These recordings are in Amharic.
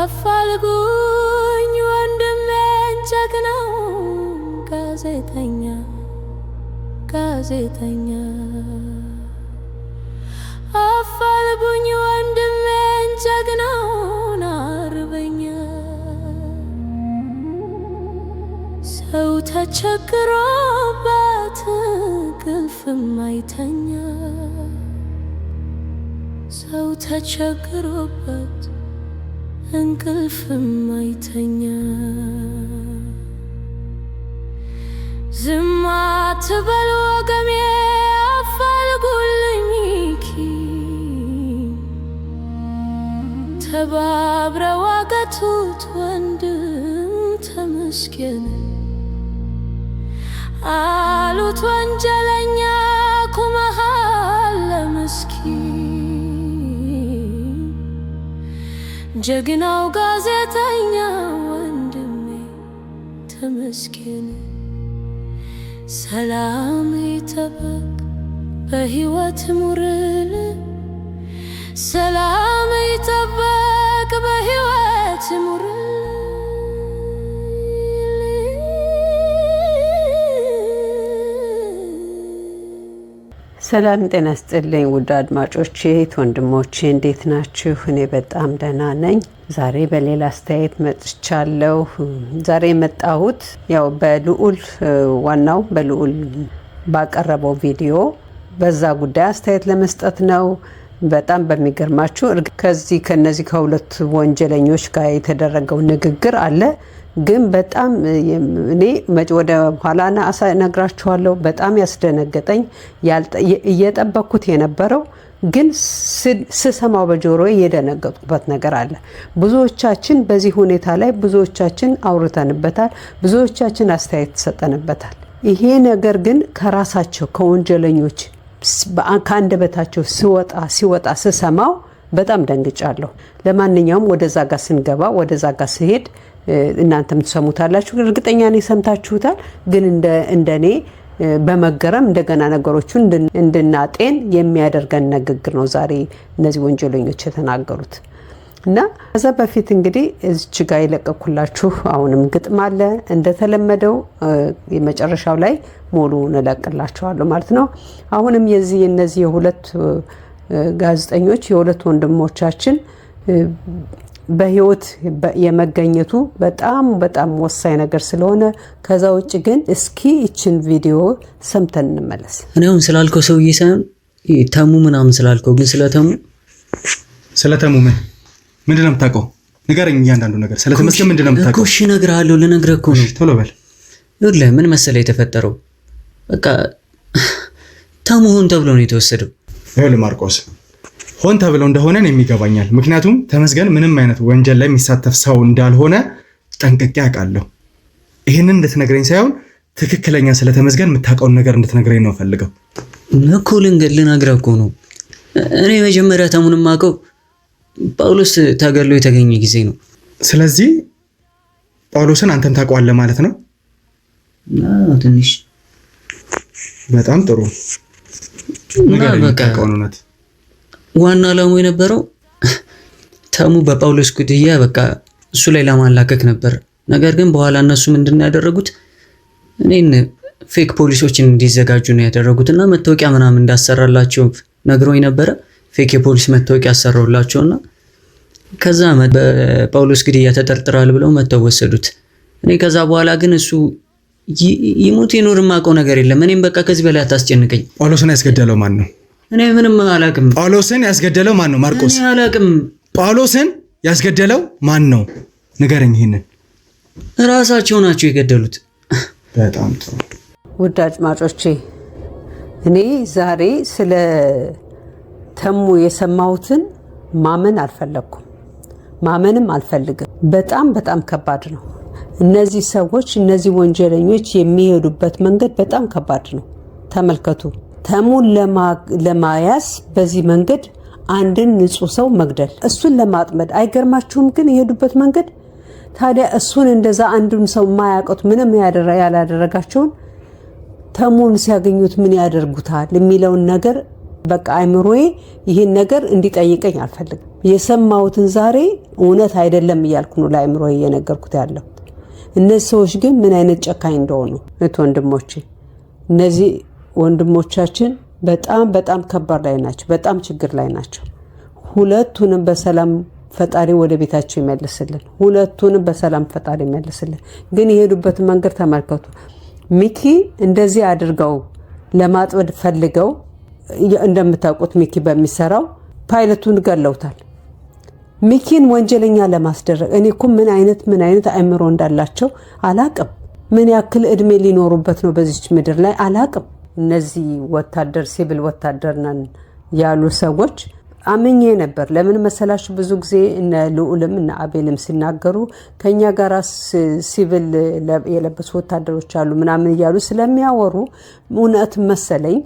አፋልጉኝ ወንድሜን ጀግናው ጋዜጠኛ ጋዜጠኛ አፋልጉኝ ወንድሜን ጀግናውን አርበኛ ሰው ተቸግሮ ወፍም አይተኛ ሰው ተቸግሮበት እንቅልፍም አይተኛ ዝም አትበል ወገሜ አፋልጉልኝ ተባብረ ዋገቱት ወንድም ተመስገን አሉት ወንጀለኛ ጀግናው ጋዜጠኛ ወንድሜ ተመስገን። ሰላም ይጠበቅ በሕይወት ሙርል ሰላም ይጠበቅ በሕይወት ሙርል ሰላም ጤና ስጥልኝ ውድ አድማጮቼ ወንድሞቼ እንዴት ናችሁ? እኔ በጣም ደህና ነኝ። ዛሬ በሌላ አስተያየት መጥቻለሁ። ዛሬ የመጣሁት ያው በልዑል ዋናው በልዑል ባቀረበው ቪዲዮ በዛ ጉዳይ አስተያየት ለመስጠት ነው። በጣም በሚገርማችሁ ከዚህ ከነዚህ ከሁለት ወንጀለኞች ጋር የተደረገው ንግግር አለ። ግን በጣም እኔ ወደ ኋላ ነግራችኋለሁ። በጣም ያስደነገጠኝ እየጠበኩት የነበረው ግን ስሰማው በጆሮ የደነገጥኩበት ነገር አለ። ብዙዎቻችን በዚህ ሁኔታ ላይ ብዙዎቻችን አውርተንበታል፣ ብዙዎቻችን አስተያየት ተሰጠንበታል። ይሄ ነገር ግን ከራሳቸው ከወንጀለኞች ከአንደበታቸው ሲወጣ ሲወጣ ስሰማው በጣም ደንግጫለሁ። ለማንኛውም ወደዛ ጋ ስንገባ ወደዛ ጋ ስሄድ እናንተም ትሰሙታላችሁ። እርግጠኛ ነኝ ሰምታችሁታል። ግን እንደኔ በመገረም እንደገና ነገሮቹን እንድናጤን የሚያደርገን ንግግር ነው ዛሬ እነዚህ ወንጀለኞች የተናገሩት። እና ከዛ በፊት እንግዲህ እዚች ጋ የለቀኩላችሁ አሁንም ግጥም አለ። እንደተለመደው የመጨረሻው ላይ ሙሉውን እለቅላችኋለሁ ማለት ነው። አሁንም የዚህ እነዚህ የሁለት ጋዜጠኞች የሁለት ወንድሞቻችን በህይወት የመገኘቱ በጣም በጣም ወሳኝ ነገር ስለሆነ ከዛ ውጭ ግን እስኪ ይችን ቪዲዮ ሰምተን እንመለስ። እኔ አሁን ስላልከው ሰውዬ ሳይሆን ተሙ ምናምን ስላልከው ግን ስለተሙ ስለተሙ ምን ምንድን ነው የምታውቀው? ንገረኝ። እያንዳንዱ ነገር ስለ ተመስገን ምንድን ነው የምታውቀው? እሺ እነግርሃለሁ። ልነግረህ እኮ ነው። ቶሎ በል። ይኸውልህ ምን መሰለህ የተፈጠረው በቃ ተመሆን ተብሎ ነው የተወሰደው። ይኸውልህ ማርቆስ ሆን ተብሎ እንደሆነ ነው የሚገባኛል። ምክንያቱም ተመስገን ምንም አይነት ወንጀል ላይ የሚሳተፍ ሰው እንዳልሆነ ጠንቅቄ አውቃለሁ። ይህንን እንድትነግረኝ ሳይሆን ትክክለኛ ስለ ተመስገን የምታውቀውን ነገር እንድትነግረኝ ነው ፈልገው እኮ ልንገር ልነግረህ እኮ ነው። እኔ መጀመሪያ ተሙን የማውቀው ጳውሎስ ተገሎ የተገኘ ጊዜ ነው። ስለዚህ ጳውሎስን አንተም ታውቀዋለህ ማለት ነው። ትንሽ በጣም ጥሩ ዋና ዓላማው የነበረው ተሙ በጳውሎስ ግድያ በቃ እሱ ላይ ለማላከክ ነበር። ነገር ግን በኋላ እነሱ ምንድን ነው ያደረጉት? እኔን ፌክ ፖሊሶችን እንዲዘጋጁ ነው ያደረጉት እና መታወቂያ ምናምን እንዳሰራላቸው ነግሮኝ ነበረ። ፌክ የፖሊስ መታወቂያ አሰራውላቸውና ከዛ በጳውሎስ ግድያ ተጠርጥሯል ብለው መተው ወሰዱት። እኔ ከዛ በኋላ ግን እሱ ይሙት ይኑር የማውቀው ነገር የለም። እኔም በቃ ከዚህ በላይ አታስጨንቀኝ። ጳውሎስን ያስገደለው ማን ነው? እኔ ምንም አላውቅም። ጳውሎስን ያስገደለው ማን ነው? ማርቆስ አላውቅም። ጳውሎስን ያስገደለው ማን ነው? ንገረኝ። ይህንን እራሳቸው ናቸው የገደሉት። በጣም ጥሩ ውድ አጭማጮቼ፣ እኔ ዛሬ ስለ ተሙ የሰማሁትን ማመን አልፈለግኩም፣ ማመንም አልፈልግም። በጣም በጣም ከባድ ነው። እነዚህ ሰዎች እነዚህ ወንጀለኞች የሚሄዱበት መንገድ በጣም ከባድ ነው። ተመልከቱ። ተሙን ለማያዝ በዚህ መንገድ አንድን ንጹህ ሰው መግደል፣ እሱን ለማጥመድ አይገርማችሁም? ግን የሄዱበት መንገድ ታዲያ እሱን እንደዛ አንዱን ሰው ማያውቀት ምንም ያላደረጋቸውን ተሙን ሲያገኙት ምን ያደርጉታል የሚለውን ነገር በቃ አይምሮዬ ይህን ነገር እንዲጠይቀኝ አልፈልግም። የሰማሁትን ዛሬ እውነት አይደለም እያልኩ ነው ለአይምሮዬ እየነገርኩት ያለው። እነዚህ ሰዎች ግን ምን አይነት ጨካኝ እንደሆኑ እህት ወንድሞቼ፣ እነዚህ ወንድሞቻችን በጣም በጣም ከባድ ላይ ናቸው፣ በጣም ችግር ላይ ናቸው። ሁለቱንም በሰላም ፈጣሪ ወደ ቤታቸው ይመልስልን። ሁለቱንም በሰላም ፈጣሪ ይመልስልን። ግን የሄዱበትን መንገድ ተመልከቱ። ሚኪ እንደዚህ አድርገው ለማጥበድ ፈልገው እንደምታውቁት ሚኪ በሚሰራው ፓይለቱን ገለውታል። ሚኪን ወንጀለኛ ለማስደረግ እኔ እኮ ምን አይነት ምን አይነት አእምሮ እንዳላቸው አላቅም። ምን ያክል እድሜ ሊኖሩበት ነው በዚች ምድር ላይ አላቅም። እነዚህ ወታደር ሲቪል ወታደር ነን ያሉ ሰዎች አምኜ ነበር። ለምን መሰላችሁ? ብዙ ጊዜ እነ ልዑልም እነ አቤልም ሲናገሩ ከኛ ጋር ሲቪል የለበሱ ወታደሮች አሉ ምናምን እያሉ ስለሚያወሩ እውነት መሰለኝ።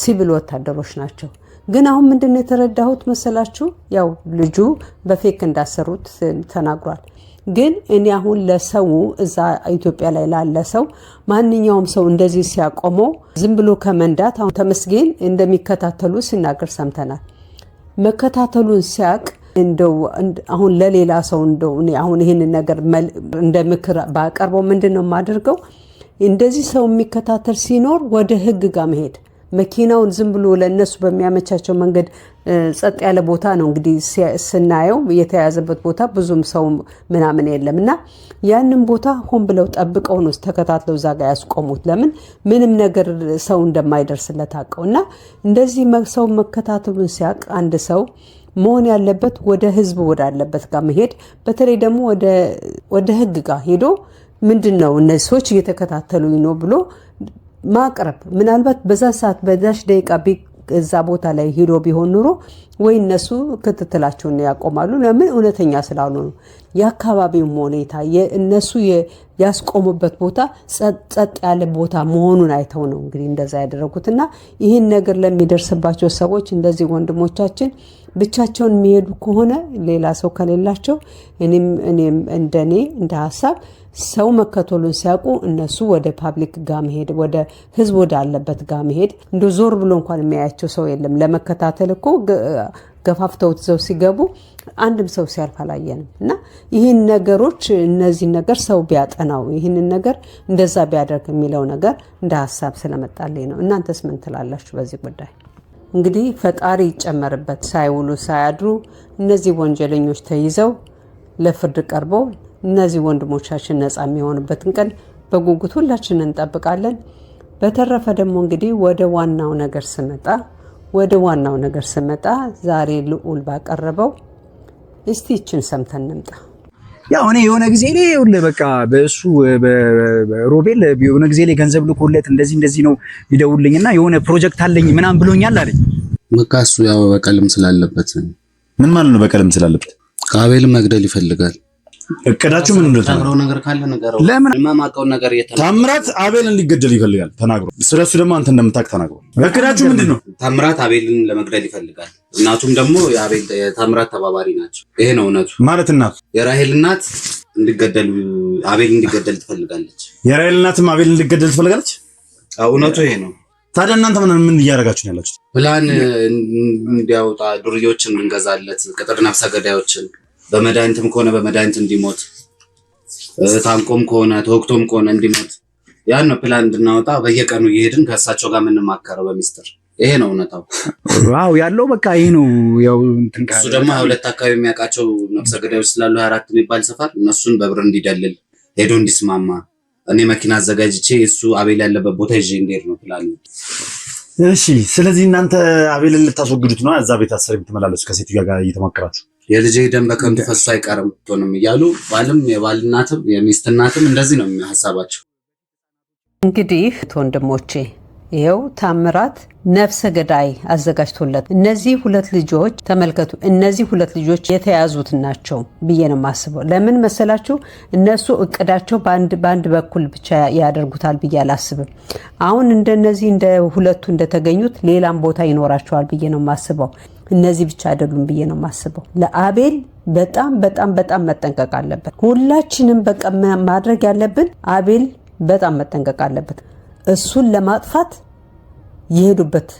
ሲቪል ወታደሮች ናቸው። ግን አሁን ምንድን የተረዳሁት መሰላችሁ? ያው ልጁ በፌክ እንዳሰሩት ተናግሯል። ግን እኔ አሁን ለሰው እዛ ኢትዮጵያ ላይ ላለ ሰው ማንኛውም ሰው እንደዚህ ሲያቆመው ዝም ብሎ ከመንዳት አሁን ተመስገን እንደሚከታተሉ ሲናገር ሰምተናል። መከታተሉን ሲያቅ እንደው አሁን ለሌላ ሰው እንደው አሁን ይህንን ነገር እንደ ምክር ባቀርበው ምንድን ነው የማደርገው? እንደዚህ ሰው የሚከታተል ሲኖር ወደ ህግ ጋር መሄድ መኪናውን ዝም ብሎ ለእነሱ በሚያመቻቸው መንገድ ጸጥ ያለ ቦታ ነው እንግዲህ ስናየው፣ የተያያዘበት ቦታ ብዙም ሰው ምናምን የለም እና ያንን ቦታ ሆን ብለው ጠብቀው ነው ተከታትለው እዛ ጋር ያስቆሙት። ለምን ምንም ነገር ሰው እንደማይደርስለት አውቀው እና እንደዚህ ሰው መከታተሉን ሲያውቅ አንድ ሰው መሆን ያለበት ወደ ህዝብ ወዳለበት ጋር መሄድ፣ በተለይ ደግሞ ወደ ህግ ጋር ሄዶ ምንድን ነው እነዚህ ሰዎች እየተከታተሉኝ ነው ብሎ ማቅረብ ምናልባት በዛ ሰዓት በዛሽ ደቂቃ እዛ ቦታ ላይ ሄዶ ቢሆን ኑሮ ወይ እነሱ ክትትላቸውን ያቆማሉ። ለምን እውነተኛ ስላሉ ነው። የአካባቢውም ሁኔታ እነሱ ያስቆሙበት ቦታ ጸጥ ያለ ቦታ መሆኑን አይተው ነው እንግዲህ እንደዛ ያደረጉት እና ይህን ነገር ለሚደርስባቸው ሰዎች እንደዚህ ወንድሞቻችን ብቻቸውን የሚሄዱ ከሆነ ሌላ ሰው ከሌላቸው እኔም እኔም እንደ እኔ እንደ ሀሳብ ሰው መከተሉን ሲያውቁ እነሱ ወደ ፓብሊክ ጋ መሄድ ወደ ህዝብ ወደ አለበት ጋ መሄድ እንደ ዞር ብሎ እንኳን የሚያያቸው ሰው የለም። ለመከታተል እኮ ገፋፍተውት ዘው ሲገቡ አንድም ሰው ሲያልፍ አላየንም። እና ይህን ነገሮች እነዚህን ነገር ሰው ቢያጠናው ይህንን ነገር እንደዛ ቢያደርግ የሚለው ነገር እንደ ሀሳብ ስለመጣልኝ ነው። እናንተስ ምን ትላላችሁ በዚህ ጉዳይ? እንግዲህ ፈጣሪ ይጨመርበት። ሳይውሉ ሳያድሩ እነዚህ ወንጀለኞች ተይዘው ለፍርድ ቀርበው እነዚህ ወንድሞቻችን ነፃ የሚሆኑበትን ቀን በጉጉት ሁላችን እንጠብቃለን። በተረፈ ደግሞ እንግዲህ ወደ ዋናው ነገር ስመጣ ወደ ዋናው ነገር ስመጣ ዛሬ ልዑል ባቀረበው እስቲ ይችን ሰምተን እንምጣ። ያው እኔ የሆነ ጊዜ ላይ ይኸውልህ በቃ በእሱ ሮቤል የሆነ ጊዜ ላይ ገንዘብ ልኮለት እንደዚህ እንደዚህ ነው ይደውልኝና የሆነ ፕሮጀክት አለኝ ምናምን ብሎኛል አለኝ። በቃ እሱ ያው በቀልም ስላለበት ምን ማለት ነው? በቀልም ስላለበት አቤል መግደል ይፈልጋል። እቅዳችሁ ምን እንደሆነ ታምራት አቤል እንዲገደል ይፈልጋል ተናግሮ፣ ስለሱ ደግሞ አንተ እንደምታውቅ ተናግሮ፣ እቅዳችሁ ምንድን ነው? ታምራት አቤልን ለመግደል ይፈልጋል። እናቱም ደግሞ ታምራት ተባባሪ ናቸው። ይሄ ነው እውነቱ። ማለት እናቱ የራሄል እናት እንዲገደል አቤል እንዲገደል ትፈልጋለች። የራሄል እናትም አቤል እንዲገደል ትፈልጋለች። እውነቱ ይሄ ነው። ታዲያ እናንተ ምን ምን እያደረጋችሁ ነው ያላችሁት? ፕላን እንዲያወጣ ዱርዬዎችን እንገዛለት ቅጥር ነፍሰ ገዳዮችን በመድኃኒትም ከሆነ በመድኃኒት እንዲሞት ታንቆም ከሆነ ተወቅቶም ከሆነ እንዲሞት ያን ነው ፕላን እንድናወጣ በየቀኑ እየሄድን ከእሳቸው ጋር የምንማከረው በሚስጥር። ይሄ ነው እውነታው። ዋው ያለው በቃ ይሄ ነው። ያው እሱ ደግሞ ሁለት አካባቢ የሚያውቃቸው ነፍሰ ገዳዮች ስላሉ አራት የሚባል ሰፈር እነሱን በብር እንዲደልል ሄዶ እንዲስማማ እኔ መኪና አዘጋጅቼ እሱ አቤል ያለበት ቦታ ይዤ እንዲሄድ ነው ፕላን። እሺ፣ ስለዚህ እናንተ አቤልን ልታስወግዱት ነው? እዛ ቤት አሰር የምትመላለሱ ከሴትዮዋ ጋር እየተማከራችሁ የልጅ ደም በከንቱ ፈሶ አይቀርም ቶንም እያሉ ባልም የባልናትም የሚስትናትም እንደዚህ ነው የሚያሳባቸው። እንግዲህ ወንድሞቼ ይኸው ታምራት ነፍሰ ገዳይ አዘጋጅቶለት እነዚህ ሁለት ልጆች ተመልከቱ። እነዚህ ሁለት ልጆች የተያዙት ናቸው ብዬ ነው የማስበው። ለምን መሰላችሁ? እነሱ እቅዳቸው በአንድ በኩል ብቻ ያደርጉታል ብዬ አላስብም። አሁን እንደነዚህ እንደ ሁለቱ እንደተገኙት ሌላም ቦታ ይኖራቸዋል ብዬ ነው የማስበው። እነዚህ ብቻ አይደሉም ብዬ ነው የማስበው። ለአቤል በጣም በጣም በጣም መጠንቀቅ አለበት። ሁላችንም በቃ ማድረግ ያለብን አቤል በጣም መጠንቀቅ አለበት። እሱን ለማጥፋት የሄዱበት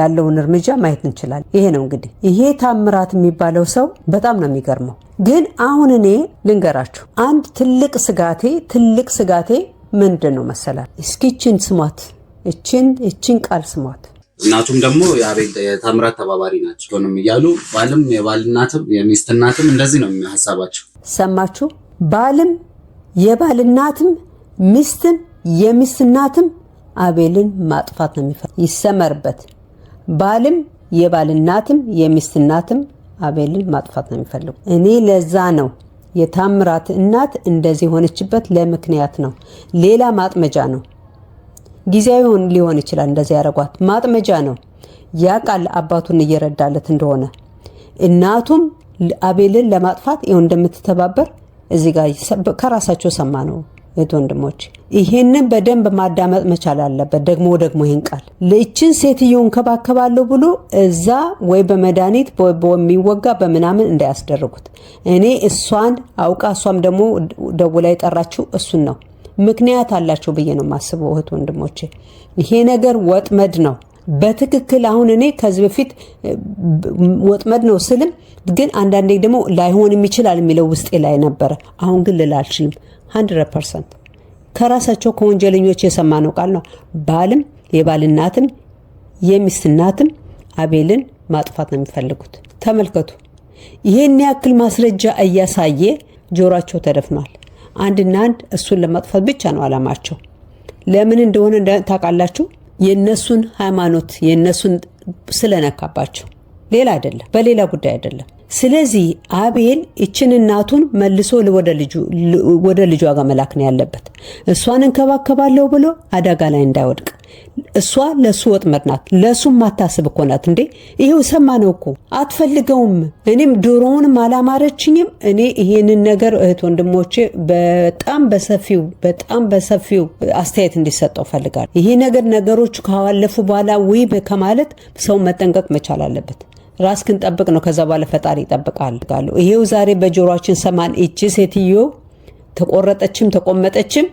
ያለውን እርምጃ ማየት እንችላለን። ይሄ ነው እንግዲህ ይሄ ታምራት የሚባለው ሰው በጣም ነው የሚገርመው። ግን አሁን እኔ ልንገራችሁ አንድ ትልቅ ስጋቴ ትልቅ ስጋቴ ምንድን ነው መሰላል? እስኪ ስሟት፣ እችን እችን ቃል ስሟት እናቱም ደግሞ የታምራት ተባባሪ ናቸው ሆንም እያሉ ባልም የባልናትም የሚስትናትም እንደዚህ ነው ሀሳባቸው። ሰማችሁ? ባልም የባልናትም ሚስትም የሚስትናትም አቤልን ማጥፋት ነው የሚፈ ይሰመርበት። ባልም የባልናትም የሚስትናትም አቤልን ማጥፋት ነው የሚፈልጉ። እኔ ለዛ ነው የታምራት እናት እንደዚህ የሆነችበት ለምክንያት ነው። ሌላ ማጥመጃ ነው። ጊዜያዊውን ሊሆን ይችላል። እንደዚያ ያደረጓት ማጥመጃ ነው። ያ ቃል አባቱን እየረዳለት እንደሆነ እናቱም አቤልን ለማጥፋት ይኸው እንደምትተባበር እዚህ ጋር ከራሳቸው ሰማ ነው። እህት ወንድሞች፣ ይህንን በደንብ ማዳመጥ መቻል አለበት። ደግሞ ደግሞ ይህን ቃል ለእችን ሴትዮ እንከባከባለሁ ብሎ እዛ ወይ በመድኃኒት በሚወጋ በምናምን እንዳያስደርጉት። እኔ እሷን አውቃ እሷም ደግሞ ደውላ የጠራችው እሱን ነው ምክንያት አላቸው ብዬ ነው የማስበው። እህት ወንድሞቼ፣ ይሄ ነገር ወጥመድ ነው። በትክክል አሁን እኔ ከዚህ በፊት ወጥመድ ነው ስልም ግን አንዳንዴ ደግሞ ላይሆንም ይችላል የሚለው ውስጤ ላይ ነበረ። አሁን ግን ልል አልችልም። ሀንድረድ ፐርሰንት ከራሳቸው ከወንጀለኞች የሰማነው ቃል ነው። ባልም የባልናትም የሚስትናትም አቤልን ማጥፋት ነው የሚፈልጉት። ተመልከቱ፣ ይህን ያክል ማስረጃ እያሳየ ጆሯቸው ተደፍኗል። አንድና አንድ እሱን ለማጥፋት ብቻ ነው አላማቸው። ለምን እንደሆነ ታውቃላችሁ? የእነሱን ሃይማኖት የእነሱን ስለነካባቸው፣ ሌላ አይደለም፣ በሌላ ጉዳይ አይደለም። ስለዚህ አቤል ይችን እናቱን መልሶ ወደ ልጇ ጋር መላክ ነው ያለበት። እሷን እንከባከባለሁ ብሎ አደጋ ላይ እንዳይወድቅ። እሷ ለእሱ ወጥመድ ናት፣ ለእሱ ማታስብ እኮ ናት እንዴ። ይሄው ነው እኮ አትፈልገውም። እኔም ድሮውንም አላማረችኝም። እኔ ይህንን ነገር እህት ወንድሞቼ በጣም በሰፊው በጣም በሰፊው አስተያየት እንዲሰጠው ፈልጋል። ይሄ ነገር ነገሮቹ ካዋለፉ በኋላ ውይብ ከማለት ሰው መጠንቀቅ መቻል አለበት። ራስክን ጠብቅ ነው። ከዛ በኋላ ፈጣሪ ይጠብቃል። ይሄው ዛሬ በጆሮችን ሰማን። እቺ ሴትዮ ተቆረጠችም ተቆመጠችም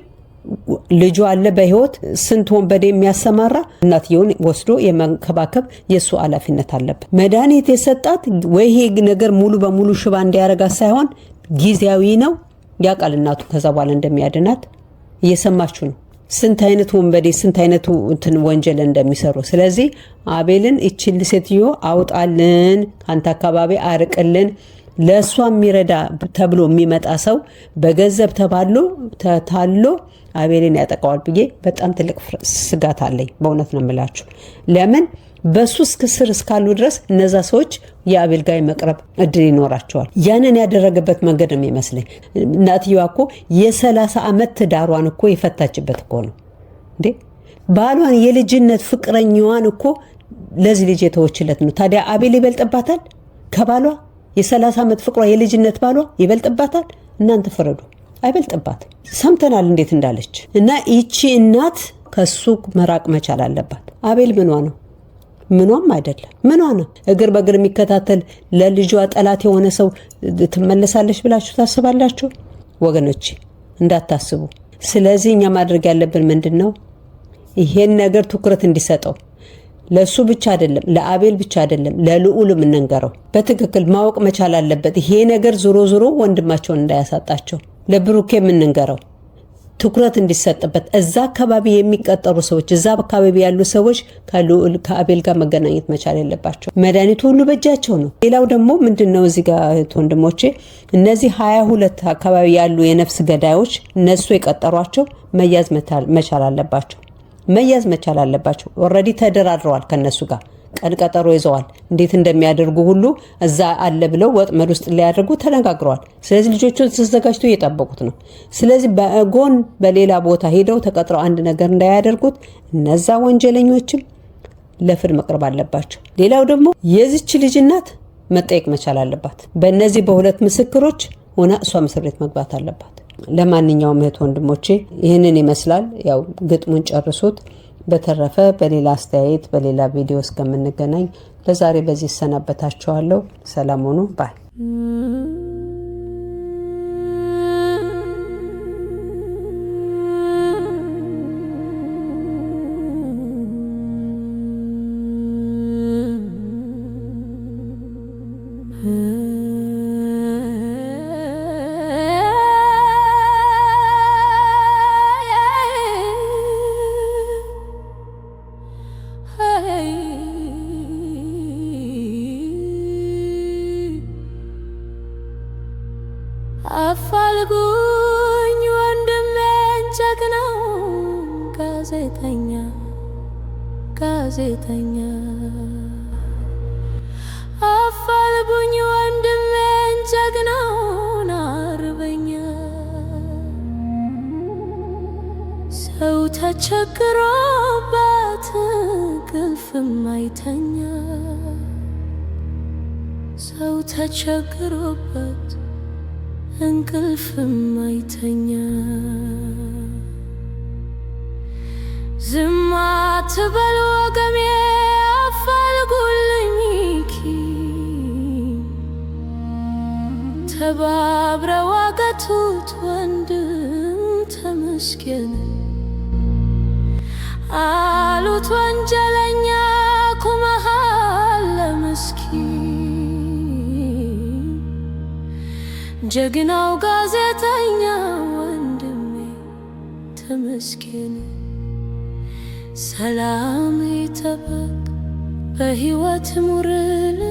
ልጁ አለ በህይወት ስንት ወንበዴ የሚያሰማራ እናትየውን ወስዶ የመንከባከብ የእሱ ኃላፊነት አለበት። መድኃኒት የሰጣት ወይ ይሄ ነገር ሙሉ በሙሉ ሽባ እንዲያረጋ ሳይሆን ጊዜያዊ ነው። ያቃል እናቱ ከዛ በኋላ እንደሚያድናት እየሰማችሁ ነው። ስንት አይነት ወንበዴ ስንት አይነት እንትን ወንጀል እንደሚሰሩ። ስለዚህ አቤልን ይችል ሴትዮ አውጣልን፣ ከአንተ አካባቢ አርቅልን፣ ለእሷ የሚረዳ ተብሎ የሚመጣ ሰው በገንዘብ ተባሎ ተታሎ አቤልን ያጠቃዋል ብዬ በጣም ትልቅ ስጋት አለኝ። በእውነት ነው የምላችሁ ለምን በሱስ ስር እስካሉ ድረስ እነዛ ሰዎች የአቤል ጋር መቅረብ እድል ይኖራቸዋል። ያንን ያደረገበት መንገድ ነው የሚመስለኝ። እናትየዋ እኮ የሰላሳ ዓመት ትዳሯን እኮ የፈታችበት እኮ ነው እንዴ ባሏን የልጅነት ፍቅረኛዋን እኮ ለዚህ ልጅ የተወችለት ነው። ታዲያ አቤል ይበልጥባታል ከባሏ የሰላሳ ዓመት ፍቅሯ የልጅነት ባሏ ይበልጥባታል? እናንተ ፍረዱ። አይበልጥባት። ሰምተናል እንዴት እንዳለች እና ይቺ እናት ከሱ መራቅ መቻል አለባት። አቤል ምኗ ነው? ምኗም አይደለም። ምኗ ነው? እግር በእግር የሚከታተል ለልጇ ጠላት የሆነ ሰው ትመለሳለች ብላችሁ ታስባላችሁ? ወገኖች እንዳታስቡ። ስለዚህ እኛ ማድረግ ያለብን ምንድን ነው? ይሄን ነገር ትኩረት እንዲሰጠው ለእሱ ብቻ አይደለም፣ ለአቤል ብቻ አይደለም፣ ለልዑልም እንንገረው። በትክክል ማወቅ መቻል አለበት። ይሄ ነገር ዞሮ ዞሮ ወንድማቸውን እንዳያሳጣቸው ለብሩኬ የምንንገረው ትኩረት እንዲሰጥበት እዛ አካባቢ የሚቀጠሩ ሰዎች እዛ አካባቢ ያሉ ሰዎች ከልዑል ከአቤል ጋር መገናኘት መቻል የለባቸው። መድኃኒቱ ሁሉ በእጃቸው ነው። ሌላው ደግሞ ምንድን ነው እዚህ ጋር ወንድሞቼ፣ እነዚህ ሀያ ሁለት አካባቢ ያሉ የነፍስ ገዳዮች እነሱ የቀጠሯቸው መያዝ መቻል አለባቸው። መያዝ መቻል አለባቸው። ኦልሬዲ ተደራድረዋል ከነሱ ጋር ቀን ቀጠሮ ይዘዋል። እንዴት እንደሚያደርጉ ሁሉ እዛ አለ ብለው ወጥመድ ውስጥ ሊያደርጉ ተነጋግረዋል። ስለዚህ ልጆቹን ተዘጋጅቶ እየጠበቁት ነው። ስለዚህ በጎን በሌላ ቦታ ሄደው ተቀጥረው አንድ ነገር እንዳያደርጉት እነዛ ወንጀለኞችም ለፍርድ መቅረብ አለባቸው። ሌላው ደግሞ የዚች ልጅ እናት መጠየቅ መቻል አለባት። በእነዚህ በሁለት ምስክሮች ሆና እሷ እስር ቤት መግባት አለባት። ለማንኛውም እህት ወንድሞቼ ይህንን ይመስላል። ያው ግጥሙን ጨርሱት። በተረፈ በሌላ አስተያየት በሌላ ቪዲዮ እስከምንገናኝ ለዛሬ በዚህ እሰናበታችኋለሁ። ሰላም ሁኑ ባይ ተቸግሮበት እንቅልፍም አይተኛ ዝማ ትበል ወገኔ አፋልጉልኝ ተባብረ ዋገቱት ወንድም ተመስገን አሉት ወንጀል ጀግናው ጋዜጠኛ ወንድሜ ተመስገን ሰላም ይጠበቅ በሕይወት ሙርል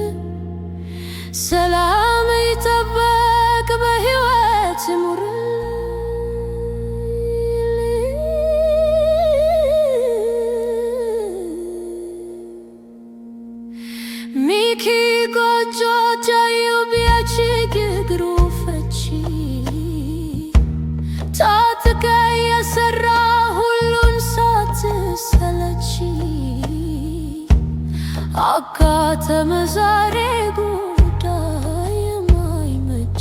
ሰላም ይጠበቅ በሕይወት ሙርል አካተመ ዛሬ ጉዳይ የማይመች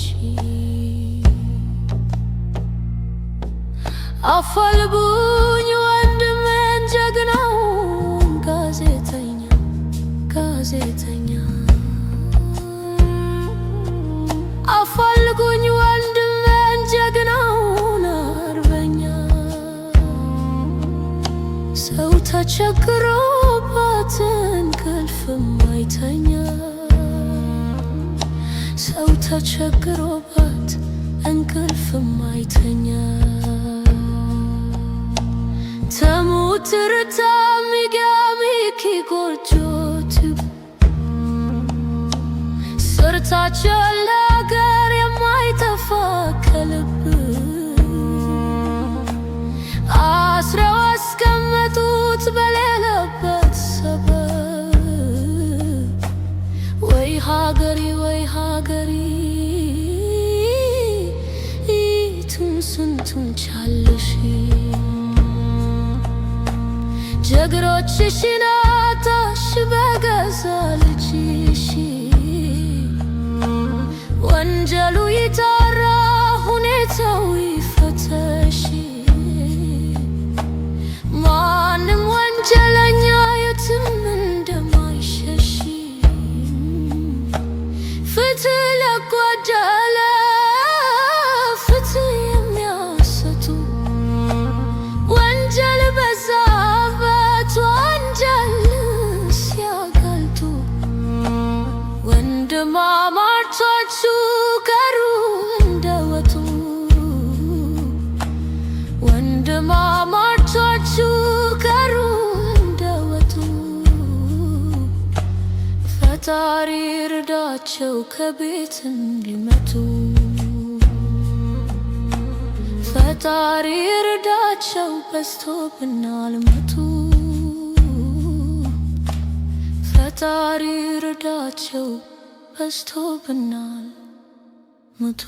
አፋልጉኝ ወንድሜን ጀግናውን ጋዜጠኛ ጋዜጠኛ አፋልጉኝ ወንድሜን ጀግናውን አርበኛ ሰው ተቸግሮበት አይተኛ ሰው ተቸግሮባት እንቅልፍም አይተኛ ተሙትርታ ሚጋሚ ኪጎጆት ሰርታቸለ ሀገሬ ቱን ስንቱን ቻለሽ ጀግሮችሽን አጣሽ በገዛ ልጅሽ ወንጀሉ ፈጣሪ እርዳቸው ከቤት እንዲመጡ፣ ፈጣሪ እርዳቸው በዝቶብናል ብናልመቱ፣ ፈጣሪ እርዳቸው በስቶ ብናልመቱ።